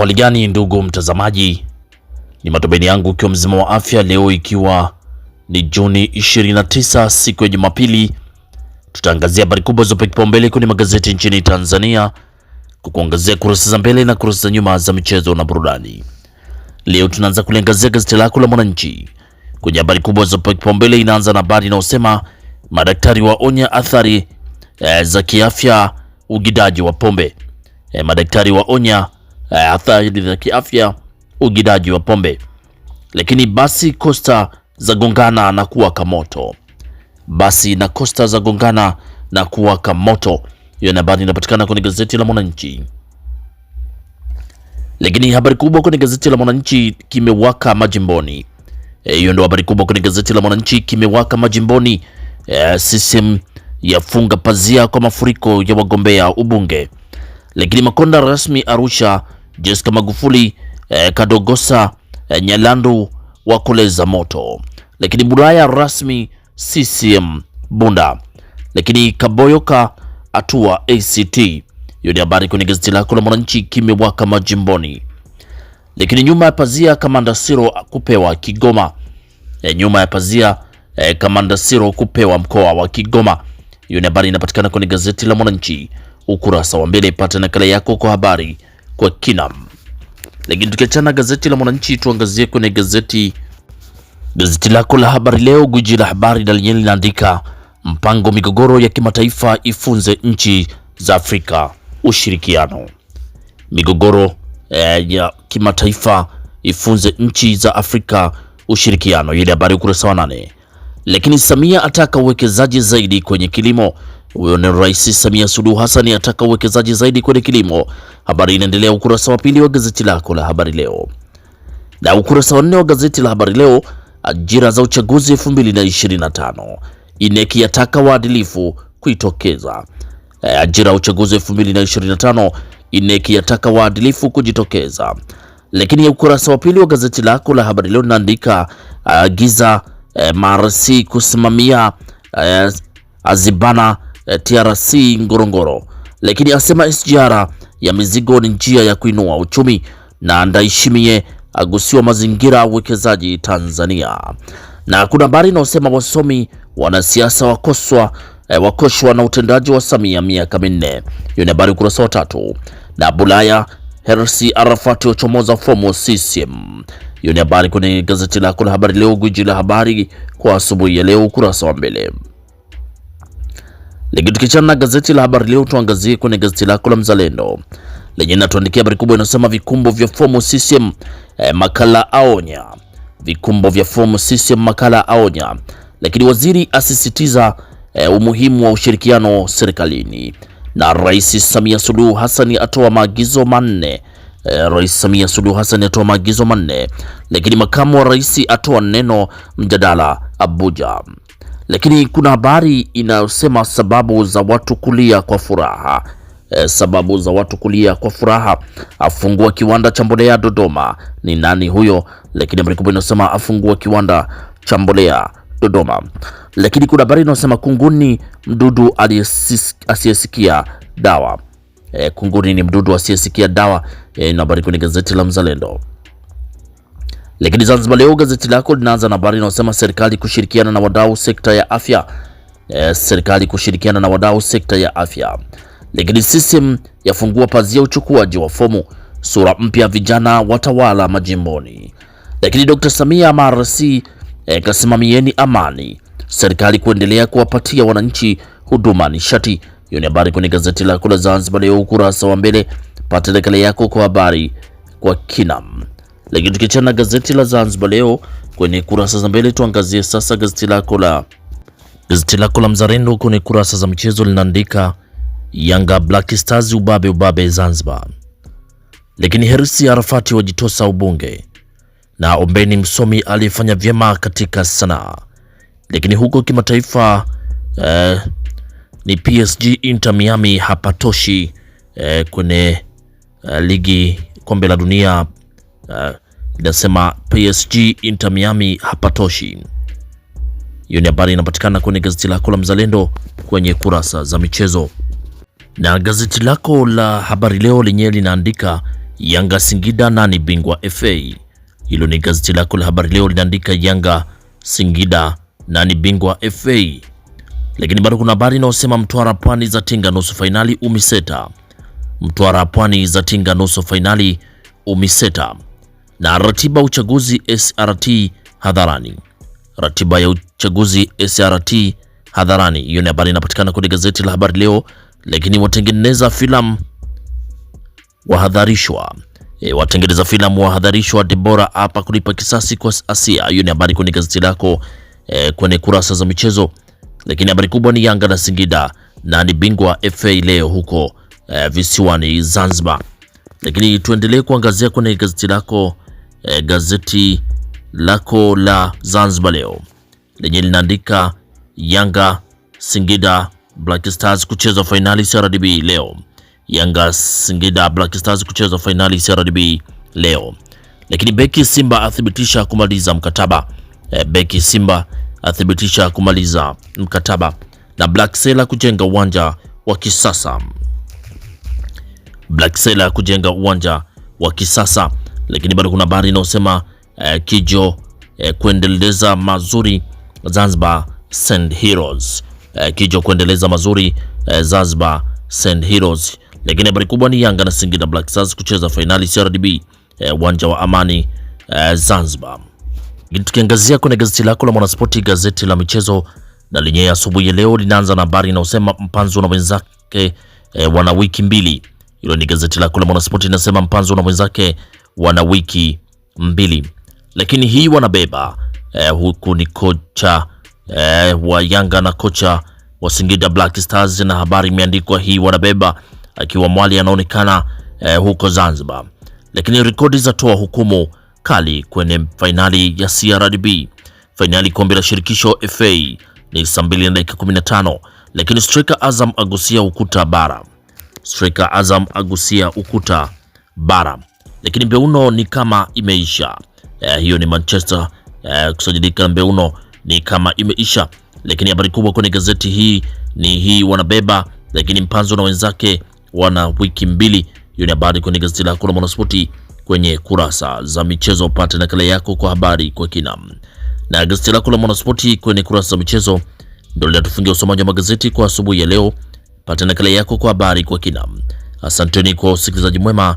hali gani ndugu mtazamaji, ni matumaini yangu ukiwa mzima wa afya leo, ikiwa ni Juni 29 siku ya Jumapili, tutaangazia habari kubwa zopea kipaumbele kwenye magazeti nchini Tanzania, kukuangazia kurasa za mbele na kurasa za nyuma za michezo na burudani. Leo tunaanza kuliangazia gazeti lako la Mwananchi kwenye habari kubwa zopea kipaumbele, inaanza na habari inayosema madaktari waonya athari e, za kiafya ugidaji wa pombe. E, madaktari waonya Eh, athari za kiafya, ugidaji wa pombe. Lakini basi Costa zagongana na kuwaka moto. Basi na Costa zagongana na kuwaka moto. Hiyo ni habari inapatikana kwenye gazeti la Mwananchi. Lakini habari kubwa kwenye gazeti la Mwananchi, kimewaka majimboni. Eh, hiyo e, ndio habari kubwa kwenye gazeti la Mwananchi, kimewaka majimboni. E, eh, CCM yafunga pazia kwa mafuriko ya wagombea ubunge. Lakini Makonda rasmi Arusha Jessica Magufuli, eh, Kadogosa, eh, Nyalandu wa koleza moto. Lakini Buraya rasmi CCM Bunda. Lakini Kaboyoka atua ACT. Hiyo ni habari kwenye gazeti lako la Mwananchi kimewaka majimboni. Lakini nyuma ya pazia Kamanda Siro kupewa Kigoma. E, nyuma ya pazia e, Kamanda Siro kupewa mkoa wa Kigoma. Hiyo ni habari inapatikana kwenye gazeti la Mwananchi ukurasa wa mbele. Pata nakala yako kwa habari kwa kina. Lakini tukiachana gazeti la Mwananchi, tuangazie kwenye gazeti gazeti lako la Habari Leo, guji la habari na lenyewe linaandika mpango migogoro ya kimataifa ifunze nchi za Afrika ushirikiano. Migogoro eh, ya kimataifa ifunze nchi za Afrika ushirikiano, ile habari ukurasa wa nane. Lakini Samia ataka uwekezaji zaidi kwenye kilimo huyo ni Rais Samia Suluhu Hassan ataka uwekezaji zaidi kwenye kilimo. Habari inaendelea ukurasa wa pili wa gazeti lako la Habari Leo na ukurasa wa nne wa gazeti la Habari Leo, ajira za uchaguzi 2025 INEC yataka waadilifu kuitokeza. Eh, e, ajira ya uchaguzi 2025 INEC yataka waadilifu kujitokeza. Lakini ukurasa wa pili wa gazeti lako la Habari Leo linaandika agiza uh, uh, eh, MRC kusimamia uh, azibana Eh, TRC Ngorongoro, lakini asema SGR ya mizigo ni njia ya kuinua uchumi na Ndayishimiye agusiwa mazingira ya uwekezaji Tanzania. Na kuna habari inayosema wasomi wanasiasa wakoswa eh, wakoshwa na utendaji wa Samia miaka minne. Hiyo ni habari ukurasa wa tatu. Na Bulaya Hersi Arafati wachomoza fomu CCM. Hiyo ni habari kwenye gazeti lako la Habari Leo, gwiji la habari kwa asubuhi ya leo, ukurasa wa mbele. Likitukicana na gazeti la Habari Leo, tuangazie kwenye gazeti lako la Mzalendo lenye natuandikia habari kubwa inasema vikumbo vya fomu CCM eh, makala aonya. Vikumbo vya fomu CCM makala aonya, lakini waziri asisitiza eh, umuhimu wa ushirikiano serikalini, na Rais Samia Suluhu Hassan atoa maagizo manne E, Rais Samia Suluhu Hassan atoa maagizo manne, lakini makamu wa rais atoa neno mjadala Abuja lakini kuna habari inayosema sababu za watu kulia kwa furaha. E, sababu za watu kulia kwa furaha. Afungua kiwanda cha mbolea Dodoma, ni nani huyo? Lakini habari kubwa inasema afungua kiwanda cha mbolea Dodoma, lakini kuna habari inayosema kunguni mdudu asiyesikia dawa. E, kunguni ni mdudu asiyesikia dawa. E, na habari kwenye gazeti la Mzalendo. Lakini Zanzibar Leo gazeti lako linaanza na habari inayosema serikali kushirikiana na wadau sekta ya afya. E, serikali kushirikiana na wadau sekta ya afya. Lakini system yafungua pazia uchukuaji wa fomu, sura mpya vijana watawala majimboni. Lakini Dr. Samia MRC e, eh, kasimamieni amani, serikali kuendelea kuwapatia wananchi huduma nishati. Hiyo ni habari kwenye gazeti lako la Zanzibar Leo ukurasa wa mbele. Pata nakala yako kwa habari kwa kinam lakini tukichana na gazeti la Zanzibar leo kwenye kurasa za mbele, tuangazie sasa gazeti lako la gazeti lako la Mzalendo kwenye kurasa za michezo linaandika Yanga Black Stars ubabe ubabe Zanzibar, lakini Hersi Arafati wajitosa ubunge na Ombeni msomi aliyefanya vyema katika sanaa. Lakini huko kimataifa eh, ni PSG Inter Miami hapatoshi eh, kwenye eh, ligi kombe la dunia uh, inasema PSG Inter Miami hapatoshi. Hiyo ni habari inapatikana kwenye gazeti lako la Mzalendo kwenye kurasa za michezo, na gazeti lako la Habari Leo lenyewe linaandika Yanga Singida nani bingwa FA. Hilo ni gazeti lako la Habari Leo linaandika Yanga Singida nani bingwa FA, lakini bado kuna habari inayosema Mtwara Pwani za tinga nusu fainali Umiseta. Mtwara Pwani za tinga nusu fainali Umiseta na ratiba uchaguzi SRT hadharani. Ratiba ya uchaguzi SRT hadharani, hiyo ni habari inapatikana kwenye gazeti la Habari Leo. Lakini watengeneza filamu wahadharishwa E, watengeneza filamu wahadharishwa Debora hapa kulipa kisasi kwa Asia. Hiyo ni habari kwenye gazeti lako e, kwenye kurasa za michezo. Lakini habari kubwa ni Yanga na Singida na ni bingwa FA leo huko e, visiwani Zanzibar. Lakini tuendelee kuangazia kwenye gazeti lako e, gazeti lako la Zanzibar leo lenye linaandika Yanga Singida Black Stars kucheza fainali CRDB leo. Yanga Singida Black Stars kucheza fainali CRDB leo. Lakini beki Simba athibitisha kumaliza mkataba e, beki Simba athibitisha kumaliza mkataba na Black Sela kujenga uwanja wa kisasa. Black Sela kujenga uwanja wa kisasa lakini bado kuna habari inayosema eh, Kijo eh, kuendeleza mazuri Zanzibar Send Heroes eh, Kijo kuendeleza mazuri eh, Zanzibar Send Heroes. Lakini habari kubwa ni Yanga na Singida Black Stars kucheza fainali CRDB eh, uwanja eh, wa Amani eh, Zanzibar. Tukiangazia kwenye gazeti lako la Mwanaspoti, gazeti la michezo na lenye asubuhi ya leo linaanza na habari inayosema Mpanzu na wenzake eh, wana wiki mbili. Hilo ni gazeti lako la Mwanaspoti linasema Mpanzu na wenzake wana wiki mbili, lakini hii wanabeba eh, huku ni kocha eh, wa Yanga na kocha wa Singida Black Stars, na habari imeandikwa hii wanabeba akiwa mwali anaonekana eh, huko Zanzibar, lakini rekodi zatoa hukumu kali kwenye fainali ya CRDB. Fainali kombe la shirikisho FA ni saa 2 na dakika 15, lakini striker Azam agusia ukuta bara. Striker Azam agusia ukuta bara lakini Mbeuno ni kama imeisha. Eh, hiyo ni Manchester eh, kusajilika Mbeuno ni kama imeisha, lakini habari kubwa kwenye gazeti hii ni hii wanabeba, lakini Mpanzo na wenzake wana wiki mbili. Hiyo ni habari kwenye gazeti lako la Mwanaspoti kwenye kurasa za michezo, upate nakala yako kwa habari kwa kina. Na gazeti lako la Mwanaspoti kwenye kurasa za michezo ndio linatufungia usomaji wa magazeti kwa asubuhi ya leo. Pata nakala yako kwa habari kwa kina. Asanteni kwa usikilizaji mwema